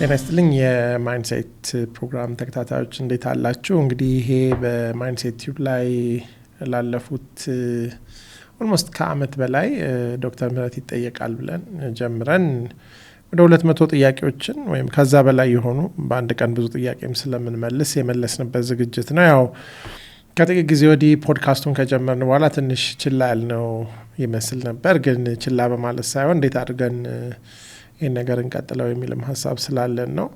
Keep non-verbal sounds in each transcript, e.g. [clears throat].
ጤና ይስጥልኝ የማይንሴት ፕሮግራም ተከታታዮች እንዴት አላችሁ? እንግዲህ ይሄ በማይንሴት ቲዩብ ላይ ላለፉት ኦልሞስት ከአመት በላይ ዶክተር ምህረት ይጠየቃል ብለን ጀምረን ወደ ሁለት መቶ ጥያቄዎችን ወይም ከዛ በላይ የሆኑ በአንድ ቀን ብዙ ጥያቄም ስለምንመልስ የመለስንበት ዝግጅት ነው። ያው ከጥቂት ጊዜ ወዲህ ፖድካስቱን ከጀመርን በኋላ ትንሽ ችላ ያልነው ይመስል ነበር። ግን ችላ በማለት ሳይሆን እንዴት አድርገን ይህን ነገር እንቀጥለው የሚልም ሀሳብ ስላለን ነው።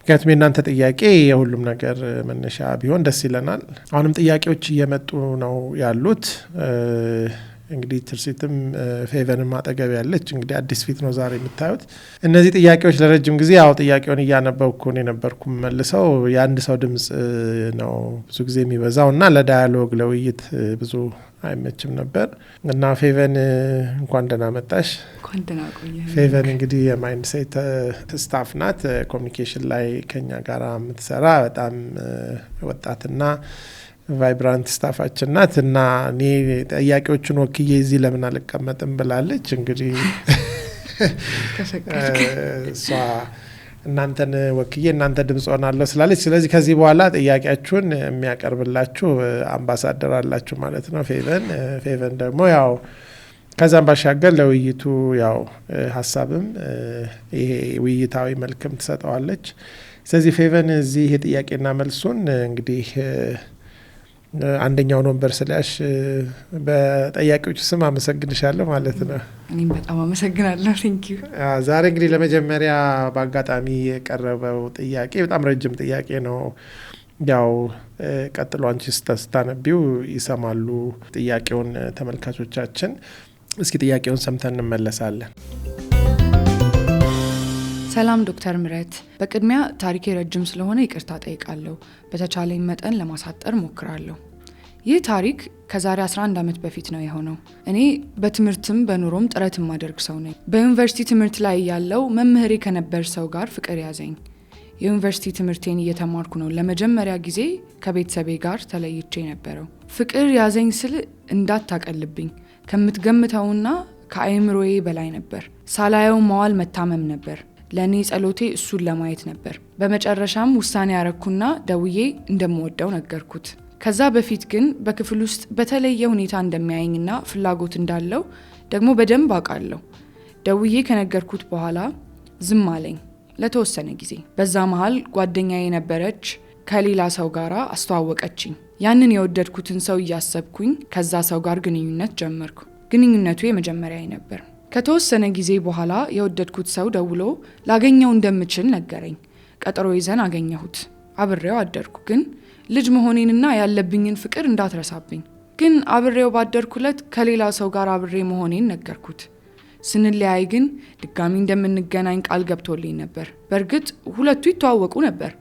ምክንያቱም የእናንተ ጥያቄ የሁሉም ነገር መነሻ ቢሆን ደስ ይለናል። አሁንም ጥያቄዎች እየመጡ ነው ያሉት። እንግዲህ ትርሲትም ፌቨንም አጠገብ ያለች እንግዲህ አዲስ ፊት ነው ዛሬ የምታዩት። እነዚህ ጥያቄዎች ለረጅም ጊዜ ያው ጥያቄውን እያነበብኩ የነበርኩ መልሰው የአንድ ሰው ድምፅ ነው ብዙ ጊዜ የሚበዛው እና ለዳያሎግ ለውይይት ብዙ አይመችም ነበር እና ፌቨን እንኳን ደህና መጣሽ። ፌቨን እንግዲህ የማይንድ ሴት ስታፍ ናት። ኮሚኒኬሽን ላይ ከኛ ጋር የምትሰራ በጣም ወጣትና ቫይብራንት ስታፋችን ናት እና እኔ ጠያቂዎቹን ወክዬ እዚህ ለምን አልቀመጥም ብላለች። እንግዲህ [laughs] እሷ እናንተን ወክዬ እናንተ ድምጽ ሆናለሁ ስላለች፣ ስለዚህ ከዚህ በኋላ ጥያቄያችሁን የሚያቀርብላችሁ አምባሳደር አላችሁ ማለት ነው። ፌቨን ፌቨን ደግሞ ያው ከዛም ባሻገር ለውይይቱ ያው ሀሳብም ይሄ ውይይታዊ መልክም ትሰጠዋለች። ስለዚህ ፌቨን እዚህ የጥያቄና መልሱን እንግዲህ አንደኛውን ወንበር ስላሽ በጠያቂዎቹ ስም አመሰግንሻለሁ ማለት ነው። እኔም በጣም አመሰግናለሁ። ቴንኪዩ። ዛሬ እንግዲህ ለመጀመሪያ በአጋጣሚ የቀረበው ጥያቄ በጣም ረጅም ጥያቄ ነው። ያው ቀጥሎ አንቺ ስታነቢው ይሰማሉ ጥያቄውን ተመልካቾቻችን። እስኪ ጥያቄውን ሰምተን እንመለሳለን። ሰላም ዶክተር ምረት በቅድሚያ ታሪኬ ረጅም ስለሆነ ይቅርታ ጠይቃለሁ። በተቻለኝ መጠን ለማሳጠር ሞክራለሁ። ይህ ታሪክ ከዛሬ 11 ዓመት በፊት ነው የሆነው። እኔ በትምህርትም በኑሮም ጥረት የማደርግ ሰው ነኝ። በዩኒቨርሲቲ ትምህርት ላይ ያለው መምህሬ ከነበር ሰው ጋር ፍቅር ያዘኝ። የዩኒቨርሲቲ ትምህርቴን እየተማርኩ ነው ለመጀመሪያ ጊዜ ከቤተሰቤ ጋር ተለይቼ ነበረው። ፍቅር ያዘኝ ስል እንዳታቀልብኝ፣ ከምትገምተውና ከአእምሮዬ በላይ ነበር። ሳላየው መዋል መታመም ነበር። ለእኔ ጸሎቴ እሱን ለማየት ነበር። በመጨረሻም ውሳኔ ያረኩና ደውዬ እንደምወደው ነገርኩት። ከዛ በፊት ግን በክፍል ውስጥ በተለየ ሁኔታ እንደሚያየኝና ፍላጎት እንዳለው ደግሞ በደንብ አውቃለሁ። ደውዬ ከነገርኩት በኋላ ዝም አለኝ ለተወሰነ ጊዜ። በዛ መሃል ጓደኛ የነበረች ከሌላ ሰው ጋር አስተዋወቀችኝ። ያንን የወደድኩትን ሰው እያሰብኩኝ ከዛ ሰው ጋር ግንኙነት ጀመርኩ። ግንኙነቱ የመጀመሪያ ነበር። ከተወሰነ ጊዜ በኋላ የወደድኩት ሰው ደውሎ ላገኘው እንደምችል ነገረኝ። ቀጠሮ ይዘን አገኘሁት። አብሬው አደርኩ። ግን ልጅ መሆኔንና ያለብኝን ፍቅር እንዳትረሳብኝ። ግን አብሬው ባደርኩለት ከሌላ ሰው ጋር አብሬ መሆኔን ነገርኩት። ስንለያይ ግን ድጋሚ እንደምንገናኝ ቃል ገብቶልኝ ነበር። በእርግጥ ሁለቱ ይተዋወቁ ነበር።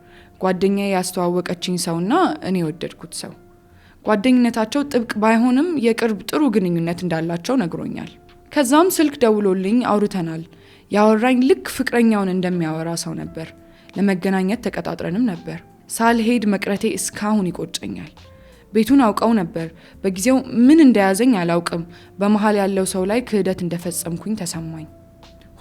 ጓደኛ ያስተዋወቀችኝ ሰውና እኔ የወደድኩት ሰው ጓደኝነታቸው ጥብቅ ባይሆንም የቅርብ ጥሩ ግንኙነት እንዳላቸው ነግሮኛል። ከዛም ስልክ ደውሎልኝ አውርተናል። ያወራኝ ልክ ፍቅረኛውን እንደሚያወራ ሰው ነበር። ለመገናኘት ተቀጣጥረንም ነበር። ሳልሄድ መቅረቴ እስካሁን ይቆጨኛል። ቤቱን አውቀው ነበር። በጊዜው ምን እንደያዘኝ አላውቅም። በመሀል ያለው ሰው ላይ ክህደት እንደፈጸምኩኝ ተሰማኝ።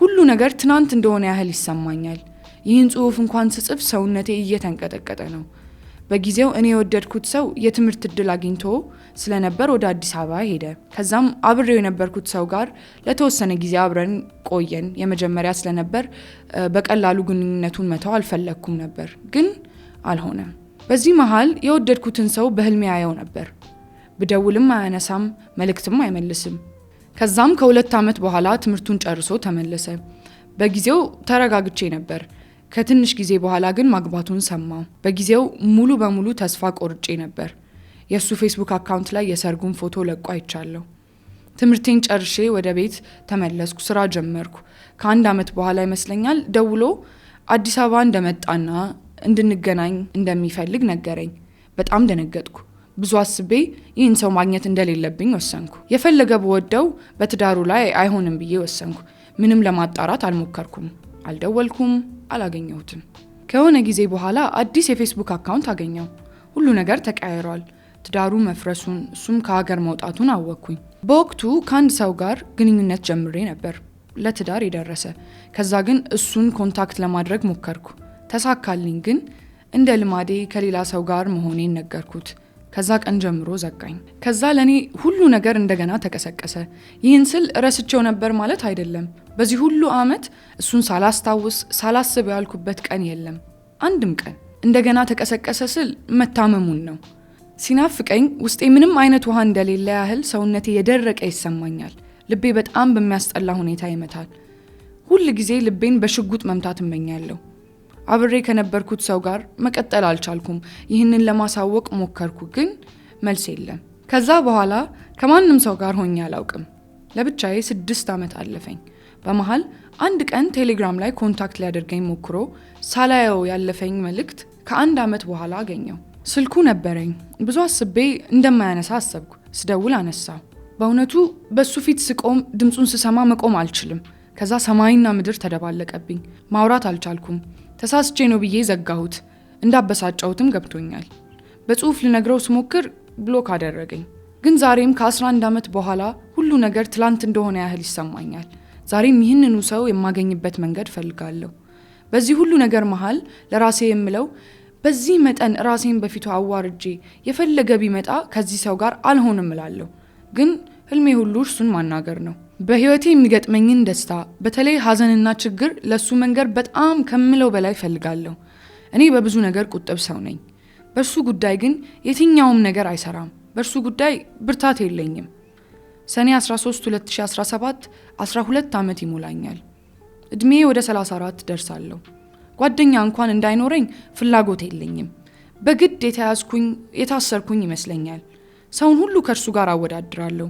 ሁሉ ነገር ትናንት እንደሆነ ያህል ይሰማኛል። ይህን ጽሑፍ እንኳን ስጽፍ ሰውነቴ እየተንቀጠቀጠ ነው። በጊዜው እኔ የወደድኩት ሰው የትምህርት እድል አግኝቶ ስለነበር ወደ አዲስ አበባ ሄደ። ከዛም አብሬው የነበርኩት ሰው ጋር ለተወሰነ ጊዜ አብረን ቆየን። የመጀመሪያ ስለነበር በቀላሉ ግንኙነቱን መተው አልፈለግኩም ነበር፣ ግን አልሆነም። በዚህ መሀል የወደድኩትን ሰው በህልሜ ያየው ነበር። ብደውልም አያነሳም፣ መልእክትም አይመልስም። ከዛም ከሁለት ዓመት በኋላ ትምህርቱን ጨርሶ ተመለሰ። በጊዜው ተረጋግቼ ነበር። ከትንሽ ጊዜ በኋላ ግን ማግባቱን ሰማው። በጊዜው ሙሉ በሙሉ ተስፋ ቆርጬ ነበር። የእሱ ፌስቡክ አካውንት ላይ የሰርጉን ፎቶ ለቆ አይቻለሁ። ትምህርቴን ጨርሼ ወደ ቤት ተመለስኩ። ስራ ጀመርኩ። ከአንድ ዓመት በኋላ ይመስለኛል ደውሎ አዲስ አበባ እንደመጣና እንድንገናኝ እንደሚፈልግ ነገረኝ። በጣም ደነገጥኩ። ብዙ አስቤ ይህን ሰው ማግኘት እንደሌለብኝ ወሰንኩ። የፈለገ በወደው በትዳሩ ላይ አይሆንም ብዬ ወሰንኩ። ምንም ለማጣራት አልሞከርኩም። አልደወልኩም፣ አላገኘሁትም። ከሆነ ጊዜ በኋላ አዲስ የፌስቡክ አካውንት አገኘው። ሁሉ ነገር ተቀያይሯል። ትዳሩ መፍረሱን እሱም ከሀገር መውጣቱን አወቅኩኝ። በወቅቱ ከአንድ ሰው ጋር ግንኙነት ጀምሬ ነበር፣ ለትዳር የደረሰ ከዛ ግን እሱን ኮንታክት ለማድረግ ሞከርኩ። ተሳካልኝ፣ ግን እንደ ልማዴ ከሌላ ሰው ጋር መሆኔን ነገርኩት። ከዛ ቀን ጀምሮ ዘጋኝ። ከዛ ለእኔ ሁሉ ነገር እንደገና ተቀሰቀሰ። ይህን ስል ረስቸው ነበር ማለት አይደለም። በዚህ ሁሉ ዓመት እሱን ሳላስታውስ ሳላስብ ያልኩበት ቀን የለም። አንድም ቀን እንደገና ተቀሰቀሰ ስል መታመሙን ነው። ሲናፍቀኝ ውስጤ ምንም አይነት ውሃ እንደሌለ ያህል ሰውነቴ የደረቀ ይሰማኛል። ልቤ በጣም በሚያስጠላ ሁኔታ ይመታል። ሁል ጊዜ ልቤን በሽጉጥ መምታት እመኛለሁ። አብሬ ከነበርኩት ሰው ጋር መቀጠል አልቻልኩም። ይህንን ለማሳወቅ ሞከርኩ፣ ግን መልስ የለም። ከዛ በኋላ ከማንም ሰው ጋር ሆኜ አላውቅም። ለብቻዬ ስድስት ዓመት አለፈኝ። በመሃል አንድ ቀን ቴሌግራም ላይ ኮንታክት ሊያደርገኝ ሞክሮ ሳላየው ያለፈኝ መልእክት ከአንድ ዓመት በኋላ አገኘው። ስልኩ ነበረኝ። ብዙ አስቤ እንደማያነሳ አሰብኩ። ስደውል አነሳ። በእውነቱ በሱ ፊት ስቆም ድምፁን ስሰማ መቆም አልችልም። ከዛ ሰማይና ምድር ተደባለቀብኝ። ማውራት አልቻልኩም። ተሳስቼ ነው ብዬ ዘጋሁት። እንዳበሳጨሁትም ገብቶኛል። በጽሁፍ ልነግረው ስሞክር ብሎክ አደረገኝ። ግን ዛሬም ከ11 ዓመት በኋላ ሁሉ ነገር ትላንት እንደሆነ ያህል ይሰማኛል። ዛሬም ይህንኑ ሰው የማገኝበት መንገድ ፈልጋለሁ። በዚህ ሁሉ ነገር መሃል ለራሴ የምለው በዚህ መጠን ራሴን በፊቱ አዋርጄ የፈለገ ቢመጣ ከዚህ ሰው ጋር አልሆንም እላለሁ። ግን ህልሜ ሁሉ እርሱን ማናገር ነው። በህይወቴ የሚገጥመኝን ደስታ፣ በተለይ ሀዘንና ችግር ለእሱ መንገር በጣም ከምለው በላይ ፈልጋለሁ። እኔ በብዙ ነገር ቁጥብ ሰው ነኝ። በእርሱ ጉዳይ ግን የትኛውም ነገር አይሰራም። በእርሱ ጉዳይ ብርታት የለኝም። ሰኔ 13 2017 12 ዓመት ይሞላኛል። እድሜ ወደ 34 ደርሳለሁ። ጓደኛ እንኳን እንዳይኖረኝ ፍላጎት የለኝም። በግድ የተያዝኩኝ የታሰርኩኝ ይመስለኛል። ሰውን ሁሉ ከእርሱ ጋር አወዳድራለሁ።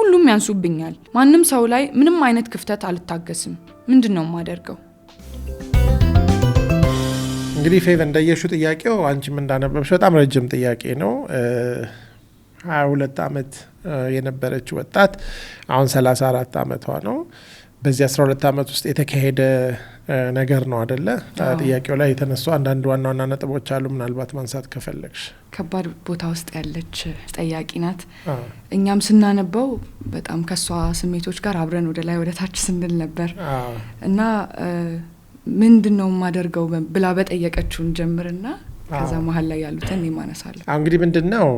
ሁሉም ያንሱብኛል። ማንም ሰው ላይ ምንም አይነት ክፍተት አልታገስም። ምንድን ነው የማደርገው? እንግዲህ ፌቨ እንደየሹ ጥያቄው አንቺም እንዳነበብሽ በጣም ረጅም ጥያቄ ነው። ሁለት ዓመት የነበረች ወጣት አሁን ሰላሳ አራት ዓመቷ ነው። በዚህ ሁለት ዓመት ውስጥ የተካሄደ ነገር ነው አደለ? ጥያቄው ላይ የተነሱ አንዳንድ ዋና ዋና ነጥቦች አሉ፣ ምናልባት ማንሳት ከፈለግሽ። ከባድ ቦታ ውስጥ ያለች ጠያቂ ናት። እኛም ስናነበው በጣም ከሷ ስሜቶች ጋር አብረን ወደ ላይ ወደ ታች ስንል ነበር እና ምንድን ነው የማደርገው ብላ በጠየቀችውን ጀምርና ከዛ መሀል ላይ ያሉትን ይማነሳለሁ። እንግዲህ ምንድን ነው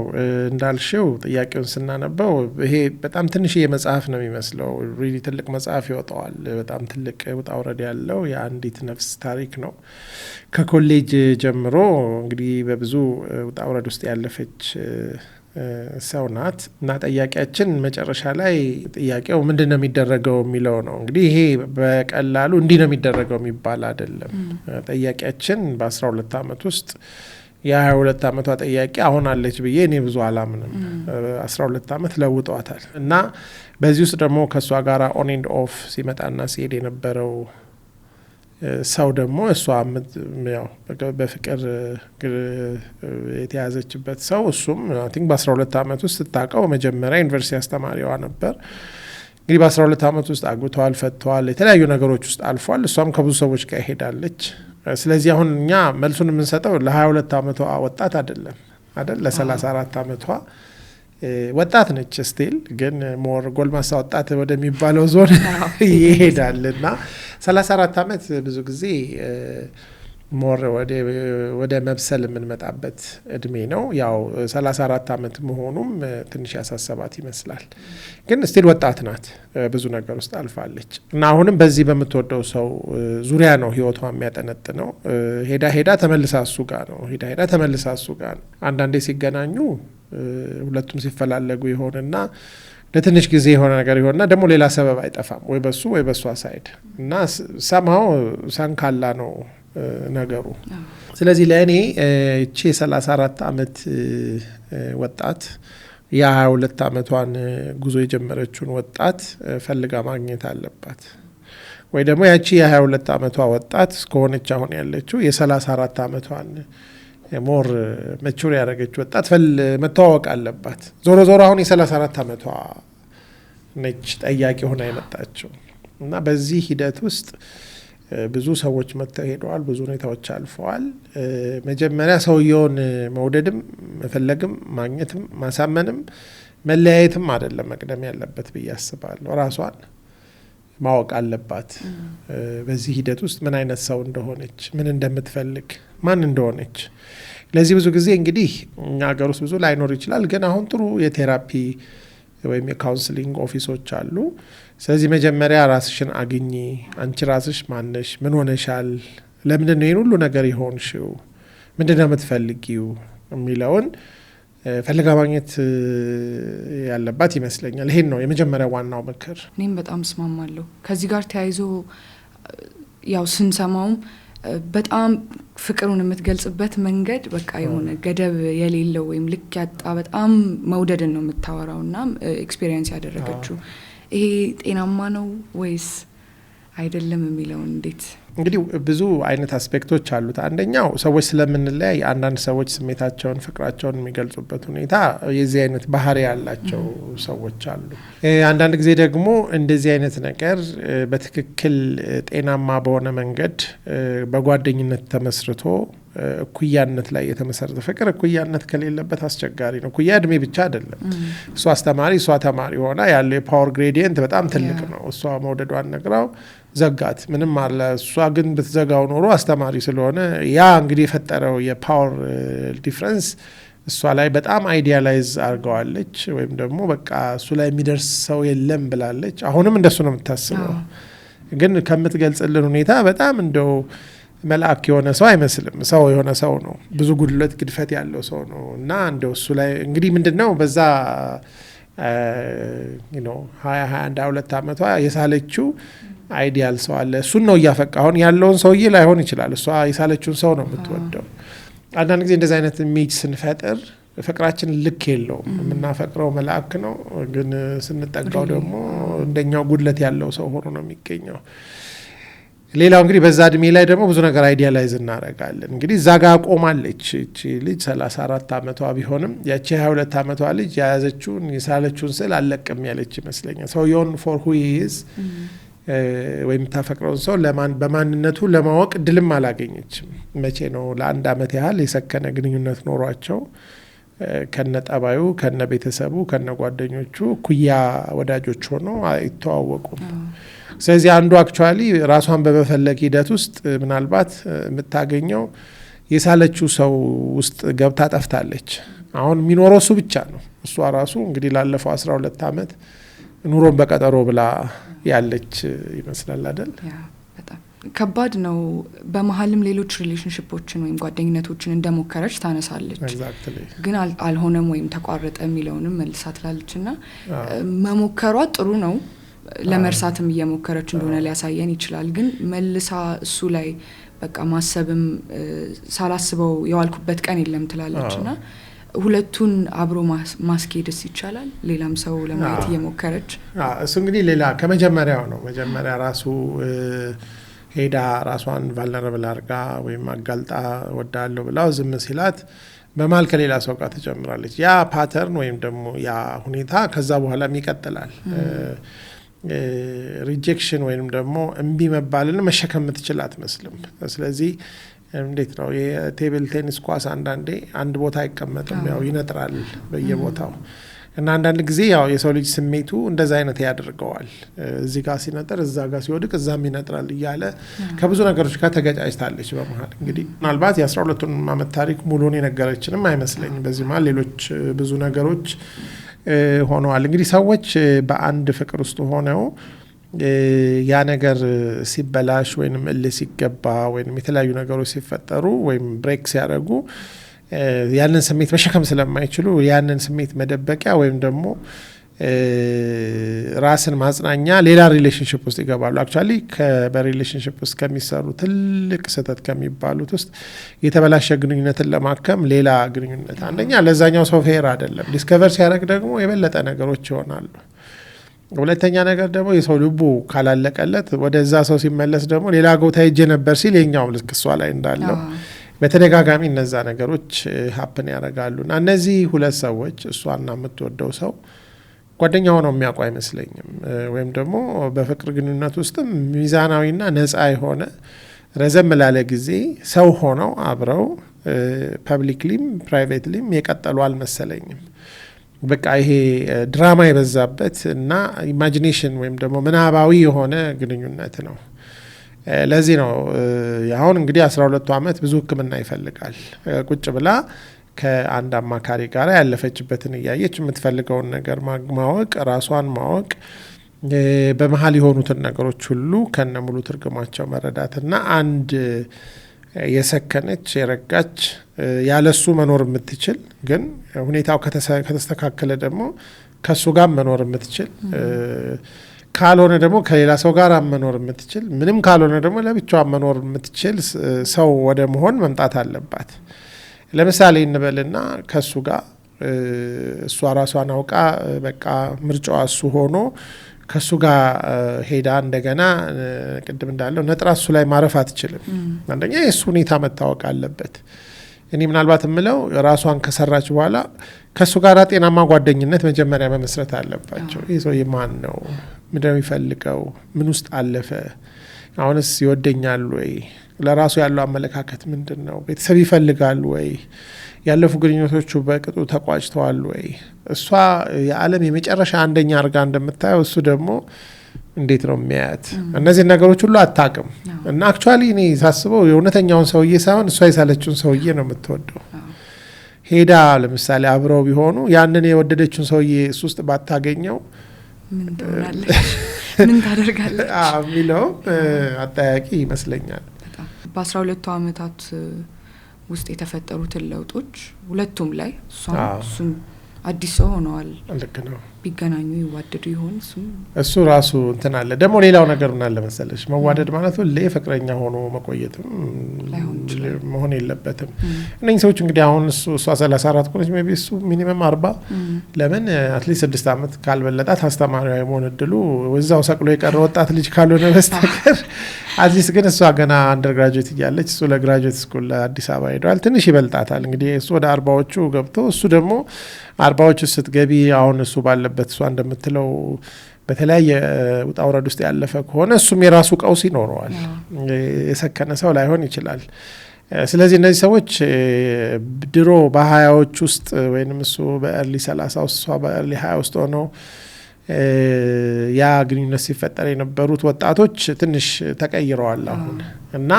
እንዳልሽው ጥያቄውን ስናነበው ይሄ በጣም ትንሽ መጽሐፍ ነው የሚመስለው። ሪሊ ትልቅ መጽሐፍ ይወጣዋል። በጣም ትልቅ ውጣ ውረድ ያለው የአንዲት ነፍስ ታሪክ ነው። ከኮሌጅ ጀምሮ እንግዲህ በብዙ ውጣ ውረድ ውስጥ ያለፈች ሰው ናት እና ጠያቂያችን መጨረሻ ላይ ጥያቄው ምንድን ነው የሚደረገው የሚለው ነው። እንግዲህ ይሄ በቀላሉ እንዲህ ነው የሚደረገው የሚባል አይደለም። ጠያቂያችን በ12 ዓመት ውስጥ የ22 ዓመቷ ጠያቂ አሁን አለች ብዬ እኔ ብዙ አላምንም። 12 ዓመት ለውጠዋታል እና በዚህ ውስጥ ደግሞ ከእሷ ጋር ኦን ኤንድ ኦፍ ሲመጣና ሲሄድ የነበረው ሰው ደግሞ እሷ ያው በፍቅር የተያዘችበት ሰው እሱም ቲንክ በአስራ ሁለት ዓመት ውስጥ ስታውቀው መጀመሪያ ዩኒቨርሲቲ አስተማሪዋ ነበር። እንግዲህ በአስራ ሁለት ዓመት ውስጥ አግብተዋል፣ ፈተዋል የተለያዩ ነገሮች ውስጥ አልፏል። እሷም ከብዙ ሰዎች ጋር ሄዳለች። ስለዚህ አሁን እኛ መልሱን የምንሰጠው ለሀያ ሁለት ዓመቷ ወጣት አይደለም አይደል ለሰላሳ አራት ዓመቷ ወጣት ነች ስቲል ግን ሞር ጎልማሳ ወጣት ወደሚባለው ዞን [laughs] ይሄዳል እና 34 ዓመት ብዙ ጊዜ ሞር ወደ መብሰል የምንመጣበት እድሜ ነው። ያው 34 ዓመት መሆኑም ትንሽ ያሳሰባት ይመስላል። ግን ስቲል ወጣት ናት፣ ብዙ ነገር ውስጥ አልፋለች እና አሁንም በዚህ በምትወደው ሰው ዙሪያ ነው ህይወቷ ነው ሄዳ ሄዳ ተመልሳ እሱ ጋር ነው፣ ሄዳ ሄዳ ተመልሳ እሱ ጋር ነው። አንዳንዴ ሲገናኙ ሁለቱም ሲፈላለጉ ይሆንና ለትንሽ ጊዜ የሆነ ነገር ይሆንና ደግሞ ሌላ ሰበብ አይጠፋም ወይ በሱ ወይ በሷ ሳይድ እና ሰማው ሳንካላ ነው ነገሩ። ስለዚህ ለእኔ እቺ የ34 ዓመት ወጣት የ22 ዓመቷን ጉዞ የጀመረችውን ወጣት ፈልጋ ማግኘት አለባት። ወይ ደግሞ ያቺ የ22 ዓመቷ ወጣት እስከሆነች አሁን ያለችው የ34 ዓመቷን የሞር መቹር ያደረገች ወጣት ፈል መተዋወቅ አለባት። ዞሮ ዞሮ አሁን የ አራት ዓመቷ ነች ጠያቂ ሆና የመጣችው እና በዚህ ሂደት ውስጥ ብዙ ሰዎች መጥተው ሄደዋል። ብዙ ሁኔታዎች አልፈዋል። መጀመሪያ ሰውየውን መውደድም መፈለግም ማግኘትም ማሳመንም መለያየትም አይደለም መቅደም ያለበት ብዬ አስባለሁ። ራሷን ማወቅ አለባት። በዚህ ሂደት ውስጥ ምን አይነት ሰው እንደሆነች፣ ምን እንደምትፈልግ ማን እንደሆነች። ለዚህ ብዙ ጊዜ እንግዲህ ሀገር ውስጥ ብዙ ላይኖር ይችላል፣ ግን አሁን ጥሩ የቴራፒ ወይም የካውንስሊንግ ኦፊሶች አሉ። ስለዚህ መጀመሪያ ራስሽን አግኚ። አንቺ ራስሽ ማነሽ? ምን ሆነሻል? ለምንድን ነው ይህን ሁሉ ነገር የሆንሽው? ምንድን ነው የምትፈልጊው? የሚለውን ፈልጋ ማግኘት ያለባት ይመስለኛል። ይሄን ነው የመጀመሪያ ዋናው ምክር። እኔም በጣም እስማማለሁ። ከዚህ ጋር ተያይዞ ያው ስንሰማውም በጣም ፍቅሩን የምትገልጽበት መንገድ በቃ የሆነ ገደብ የሌለው ወይም ልክ ያጣ በጣም መውደድን ነው የምታወራው። እና ኤክስፔሪንስ ያደረገችው ይሄ ጤናማ ነው ወይስ አይደለም የሚለውን እንዴት እንግዲህ ብዙ አይነት አስፔክቶች አሉት። አንደኛው ሰዎች ስለምንለያይ አንዳንድ ሰዎች ስሜታቸውን፣ ፍቅራቸውን የሚገልጹበት ሁኔታ የዚህ አይነት ባህሪ ያላቸው ሰዎች አሉ። አንዳንድ ጊዜ ደግሞ እንደዚህ አይነት ነገር በትክክል ጤናማ በሆነ መንገድ በጓደኝነት ተመስርቶ እኩያነት ላይ የተመሰረተ ፍቅር እኩያነት ከሌለበት አስቸጋሪ ነው። እኩያ እድሜ ብቻ አይደለም። እሱ አስተማሪ እሷ ተማሪ ሆና ያለው የፓወር ግሬዲየንት በጣም ትልቅ ነው። እሷ መውደዷን ነግራው ዘጋት። ምንም አለ። እሷ ግን ብትዘጋው ኖሮ አስተማሪ ስለሆነ ያ እንግዲህ የፈጠረው የፓወር ዲፍረንስ እሷ ላይ በጣም አይዲያላይዝ አድርገዋለች፣ ወይም ደግሞ በቃ እሱ ላይ የሚደርስ ሰው የለም ብላለች። አሁንም እንደሱ ነው የምታስበው፣ ግን ከምትገልጽልን ሁኔታ በጣም እንደው መልአክ የሆነ ሰው አይመስልም። ሰው የሆነ ሰው ነው፣ ብዙ ጉድለት ግድፈት ያለው ሰው ነው። እና እንደው እሱ ላይ እንግዲህ ምንድን ነው በዛ ሀያ ሀያ አንድ ሁለት ዓመቷ የሳለችው አይዲያል ሰው አለ። እሱን ነው እያፈቃ አሁን ያለውን ሰውዬ ላይሆን ይችላል። እሷ የሳለችውን ሰው ነው የምትወደው። አንዳንድ ጊዜ እንደዚህ አይነት ሚጅ ስንፈጥር ፍቅራችን ልክ የለውም። የምናፈቅረው መልአክ ነው፣ ግን ስንጠጋው ደግሞ እንደኛው ጉድለት ያለው ሰው ሆኖ ነው የሚገኘው። ሌላው እንግዲህ በዛ እድሜ ላይ ደግሞ ብዙ ነገር አይዲያላይዝ እናደርጋለን። እንግዲህ እዛ ጋ ቆማለች እቺ ልጅ 34 ዓመቷ ቢሆንም ያቺ 22 ዓመቷ ልጅ የያዘችውን የሳለችውን ስዕል አለቅም ያለች ይመስለኛል ሰውየውን ፎር ይዝ ወይም የምታፈቅረውን ሰው ለማን በማንነቱ ለማወቅ እድልም አላገኘችም። መቼ ነው ለአንድ አመት ያህል የሰከነ ግንኙነት ኖሯቸው ከነ ጠባዩ ከነ ቤተሰቡ ከነ ጓደኞቹ ኩያ ወዳጆች ሆኖ አይተዋወቁም። ስለዚህ አንዱ አክቹዋሊ ራሷን በመፈለግ ሂደት ውስጥ ምናልባት የምታገኘው የሳለችው ሰው ውስጥ ገብታ ጠፍታለች። አሁን የሚኖረው እሱ ብቻ ነው። እሷ ራሱ እንግዲህ ላለፈው አስራ ሁለት ዓመት ኑሮን በቀጠሮ ብላ ያለች ይመስላል አደል ከባድ ነው። በመሀልም ሌሎች ሪሌሽንሽፖችን ወይም ጓደኝነቶችን እንደሞከረች ታነሳለች፣ ግን አልሆነም ወይም ተቋረጠ የሚለውንም መልሳ ትላለች። ና መሞከሯ ጥሩ ነው ለመርሳትም እየሞከረች እንደሆነ ሊያሳየን ይችላል። ግን መልሳ እሱ ላይ በቃ ማሰብም ሳላስበው የዋልኩበት ቀን የለም ትላለች ና ሁለቱን አብሮ ማስኬድስ ይቻላል? ሌላም ሰው ለማየት እየሞከረች እሱ እንግዲህ ሌላ ከመጀመሪያው ነው። መጀመሪያ ራሱ ሄዳ ራሷን ቫልነረብል አርጋ ወይም አጋልጣ ወዳለሁ ብላው ዝም ሲላት በማል ከሌላ ሰው ጋር ትጨምራለች። ያ ፓተርን ወይም ደግሞ ያ ሁኔታ ከዛ በኋላም ይቀጥላል። ሪጀክሽን ወይም ደግሞ እምቢ መባልን መሸከም የምትችል አትመስልም። ስለዚህ እንዴት ነው የቴብል ቴኒስ ኳስ አንዳንዴ አንድ ቦታ አይቀመጥም፣ ያው ይነጥራል በየቦታው እና አንዳንድ ጊዜ ያው የሰው ልጅ ስሜቱ እንደዛ አይነት ያደርገዋል። እዚህ ጋር ሲነጥር እዛ ጋር ሲወድቅ እዛም ይነጥራል እያለ ከብዙ ነገሮች ጋር ተገጫጭታለች። በመሀል እንግዲህ ምናልባት የአስራ ሁለቱን ዓመት ታሪክ ሙሉን የነገረችንም አይመስለኝ። በዚህ መሀል ሌሎች ብዙ ነገሮች ሆነዋል። እንግዲህ ሰዎች በአንድ ፍቅር ውስጥ ሆነው ያ ነገር ሲበላሽ ወይም እል ሲገባ ወይም የተለያዩ ነገሮች ሲፈጠሩ ወይም ብሬክ ሲያደርጉ ያንን ስሜት መሸከም ስለማይችሉ ያንን ስሜት መደበቂያ ወይም ደግሞ ራስን ማጽናኛ ሌላ ሪሌሽንሽፕ ውስጥ ይገባሉ። አክቹዋሊ በሪሌሽንሽፕ ውስጥ ከሚሰሩ ትልቅ ስህተት ከሚባሉት ውስጥ የተበላሸ ግንኙነትን ለማከም ሌላ ግንኙነት አንደኛ ለዛኛው ሰው ፌር አይደለም። ዲስከቨር ሲያደርግ ደግሞ የበለጠ ነገሮች ይሆናሉ። ሁለተኛ ነገር ደግሞ የሰው ልቡ ካላለቀለት ወደዛ ሰው ሲመለስ ደግሞ ሌላ ጎታ ሄጄ ነበር ሲል የኛውም ልክ እሷ ላይ እንዳለው በተደጋጋሚ እነዛ ነገሮች ሀፕን ያደርጋሉ እና እነዚህ ሁለት ሰዎች እሷና የምትወደው ሰው ጓደኛ ሆነው የሚያውቁ አይመስለኝም። ወይም ደግሞ በፍቅር ግንኙነት ውስጥም ሚዛናዊና ነጻ የሆነ ረዘም ላለ ጊዜ ሰው ሆነው አብረው ፐብሊክሊም ፕራይቬትሊም የቀጠሉ አልመሰለኝም። በቃ ይሄ ድራማ የበዛበት እና ኢማጂኔሽን ወይም ደግሞ ምናባዊ የሆነ ግንኙነት ነው። ለዚህ ነው አሁን እንግዲህ 12ቱ ዓመት ብዙ ሕክምና ይፈልጋል። ቁጭ ብላ ከአንድ አማካሪ ጋር ያለፈችበትን እያየች የምትፈልገውን ነገር ማወቅ፣ ራሷን ማወቅ፣ በመሀል የሆኑትን ነገሮች ሁሉ ከነ ሙሉ ትርጉማቸው መረዳትና አንድ የሰከነች የረጋች ያለሱ መኖር የምትችል ግን ሁኔታው ከተስተካከለ ደግሞ ከእሱ ጋር መኖር የምትችል ካልሆነ ደግሞ ከሌላ ሰው ጋር መኖር የምትችል ምንም ካልሆነ ደግሞ ለብቻዋ መኖር የምትችል ሰው ወደ መሆን መምጣት አለባት። ለምሳሌ እንበልና ከእሱ ጋር እሷ ራሷን አውቃ በቃ ምርጫዋ እሱ ሆኖ ከእሱ ጋር ሄዳ እንደገና ቅድም እንዳለው ነጥራ እሱ ላይ ማረፍ አትችልም። አንደኛ የእሱ ሁኔታ መታወቅ አለበት። እኔ ምናልባት የምለው ራሷን ከሰራች በኋላ ከእሱ ጋር ጤናማ ጓደኝነት መጀመሪያ መመስረት አለባቸው። ይህ ሰው ማን ነው? ምንድነው የሚፈልገው? ምን ውስጥ አለፈ? አሁንስ ይወደኛል ወይ ለራሱ ያለው አመለካከት ምንድን ነው? ቤተሰብ ይፈልጋል ወይ? ያለፉ ግንኙነቶቹ በቅጡ ተቋጭተዋል ወይ? እሷ የዓለም የመጨረሻ አንደኛ አድርጋ እንደምታየው እሱ ደግሞ እንዴት ነው የሚያያት? እነዚህን ነገሮች ሁሉ አታውቅም። እና አክቹዋሊ እኔ ሳስበው የእውነተኛውን ሰውዬ ሳይሆን እሷ የሳለችውን ሰውዬ ነው የምትወደው። ሄዳ ለምሳሌ አብረው ቢሆኑ ያንን የወደደችውን ሰውዬ እሱ ውስጥ ባታገኘው ምን ታደርጋለች የሚለው አጠያቂ ይመስለኛል። በአስራ ሁለቱ አመታት ውስጥ የተፈጠሩትን ለውጦች ሁለቱም ላይ እሱም አዲስ ሰው ሆነዋል። ልክ ነው። ቢገናኙ ይዋደዱ ይሆን? እሱም እሱ ራሱ እንትን አለ። ደግሞ ሌላው ነገር ምናለ መሰለሽ መዋደድ ማለት ሁሌ ፍቅረኛ ሆኖ መቆየትም መሆን የለበትም። እነዚህ ሰዎች እንግዲህ አሁን እሱ እሷ ሰላሳ አራት ቢ እሱ ሚኒመም አርባ ለምን አትሊስት ስድስት ዓመት ካልበለጣት አስተማሪ የመሆን እድሉ እዛው ሰቅሎ የቀረ ወጣት ልጅ ካልሆነ በስተቀር አትሊስት [laughs] ግን እሷ ገና አንደር ግራጁዌት እያለች እሱ ለግራጁዌት ስኩል ለአዲስ አበባ ሄደዋል። ትንሽ ይበልጣታል እንግዲህ እሱ ወደ አርባዎቹ ገብቶ እሱ ደግሞ አርባዎቹ ስትገቢ አሁን እሱ ባለበት እሷ እንደምትለው በተለያየ ውጣ ውረድ ውስጥ ያለፈ ከሆነ እሱም የራሱ ቀውስ ይኖረዋል። የሰከነ ሰው ላይሆን ይችላል። ስለዚህ እነዚህ ሰዎች ድሮ በሀያዎች ውስጥ ወይም እሱ በእርሊ ሰላሳ ውስጥ እሷ በእርሊ ሀያ ውስጥ ሆነው ያ ግንኙነት ሲፈጠር የነበሩት ወጣቶች ትንሽ ተቀይረዋል አሁን እና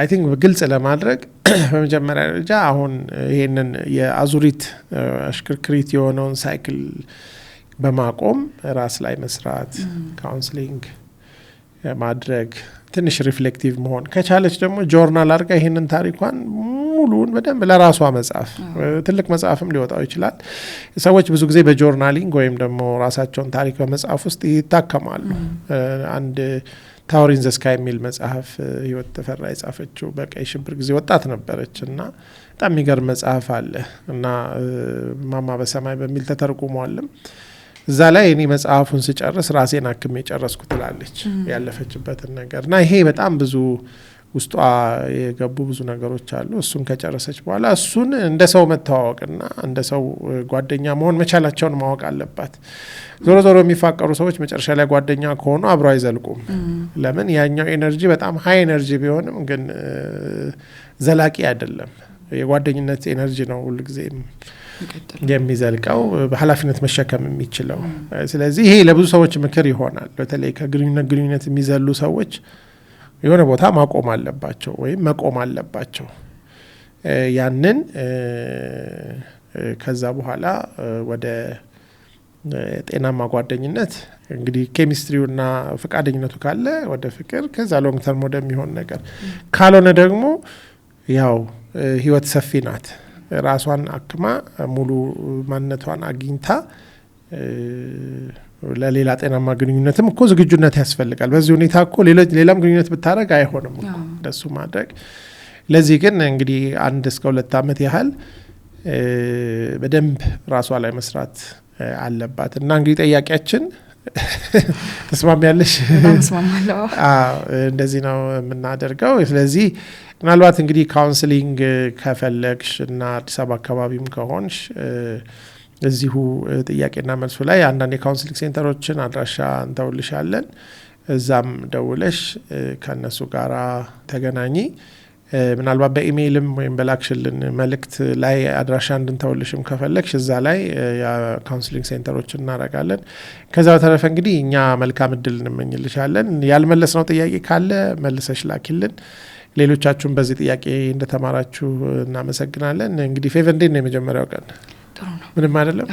አይ ቲንክ ግልጽ ለማድረግ [clears throat] በመጀመሪያ ደረጃ አሁን ይህንን የአዙሪት አሽክርክሪት የሆነውን ሳይክል በማቆም ራስ ላይ መስራት ካውንስሊንግ ማድረግ ትንሽ ሪፍሌክቲቭ መሆን ከቻለች ደግሞ ጆርናል አድርጋ ይህንን ታሪኳን ሙሉን በደንብ ለራሷ መጽሐፍ ትልቅ መጽሐፍም ሊወጣው ይችላል። ሰዎች ብዙ ጊዜ በጆርናሊንግ ወይም ደግሞ ራሳቸውን ታሪክ በመጽሐፍ ውስጥ ይታከማሉ። አንድ ታውሪን ዘስካ የሚል መጽሐፍ ህይወት ተፈራ የጻፈችው በቀይ ሽብር ጊዜ ወጣት ነበረች እና በጣም የሚገርም መጽሐፍ አለ እና ማማ በሰማይ በሚል ተተርጉሟልም እዛ ላይ እኔ መጽሐፉን ስጨርስ ራሴን አክሜ ጨረስኩ ትላለች ያለፈችበትን ነገር እና ይሄ በጣም ብዙ ውስጧ የገቡ ብዙ ነገሮች አሉ። እሱን ከጨረሰች በኋላ እሱን እንደ ሰው መተዋወቅና እንደ ሰው ጓደኛ መሆን መቻላቸውን ማወቅ አለባት። ዞሮ ዞሮ የሚፋቀሩ ሰዎች መጨረሻ ላይ ጓደኛ ከሆኑ አብሮ አይዘልቁም። ለምን ያኛው ኤነርጂ በጣም ሀይ ኤነርጂ ቢሆንም ግን ዘላቂ አይደለም። የጓደኝነት ኤነርጂ ነው ሁልጊዜም የሚዘልቀው በሀላፊነት መሸከም የሚችለው። ስለዚህ ይሄ ለብዙ ሰዎች ምክር ይሆናል። በተለይ ከግንኙነት ግንኙነት የሚዘሉ ሰዎች የሆነ ቦታ ማቆም አለባቸው ወይም መቆም አለባቸው። ያንን ከዛ በኋላ ወደ ጤናማ ጓደኝነት እንግዲህ ና ፈቃደኝነቱ ካለ ወደ ፍቅር፣ ከዛ ሎንግተርም ወደሚሆን ነገር ካልሆነ ደግሞ ያው ህይወት ሰፊ ናት። ራሷን አክማ ሙሉ ማንነቷን አግኝታ ለሌላ ጤናማ ግንኙነትም እኮ ዝግጁነት ያስፈልጋል። በዚህ ሁኔታ እኮ ሌላም ግንኙነት ብታደረግ አይሆንም እኮ እንደሱ ማድረግ። ለዚህ ግን እንግዲህ አንድ እስከ ሁለት ዓመት ያህል በደንብ ራሷ ላይ መስራት አለባት እና እንግዲህ ጠያቂያችን [laughs] ተስማሚያለሽ? እንደዚህ ነው የምናደርገው። ስለዚህ ምናልባት እንግዲህ ካውንስሊንግ ከፈለግሽ እና አዲስ አበባ አካባቢም ከሆንሽ እዚሁ ጥያቄና መልሱ ላይ አንዳንድ የካውንስሊንግ ሴንተሮችን አድራሻ እንተውልሻለን። እዛም ደውለሽ ከእነሱ ጋር ተገናኚ። ምናልባት በኢሜይልም ወይም በላክሽልን መልእክት ላይ አድራሻ እንድንተውልሽም ከፈለግሽ እዛ ላይ የካውንስሊንግ ሴንተሮች እናረጋለን። ከዛ በተረፈ እንግዲህ እኛ መልካም እድል እንመኝልሻለን። ነው ጥያቄ ካለ መልሰሽ ላኪልን። ሌሎቻችሁም በዚህ ጥያቄ እንደተማራችሁ እናመሰግናለን። እንግዲህ ፌቨ እንዴት ነው የመጀመሪያው ቀን? ምንም አይደለም።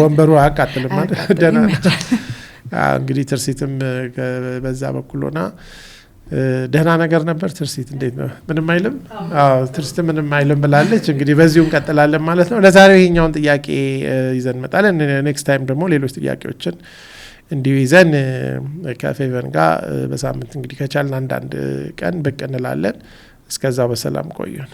ወንበሩ አያቃጥልም። ደና እንግዲህ ትርሲትም በዛ በኩል ሆና ደህና ነገር ነበር። ትርሲት እንዴት ነው? ምንም አይልም። ትርሲት ምንም አይልም ብላለች። እንግዲህ በዚሁ እንቀጥላለን ማለት ነው። ለዛሬው ይሄኛውን ጥያቄ ይዘን መጣለን ኔክስት ታይም ደግሞ ሌሎች ጥያቄዎችን እንዲሁ ይዘን ከፌቨን ጋር በሳምንት እንግዲህ ከቻልን አንዳንድ ቀን ብቅ እንላለን። እስከዛው በሰላም ቆዩን።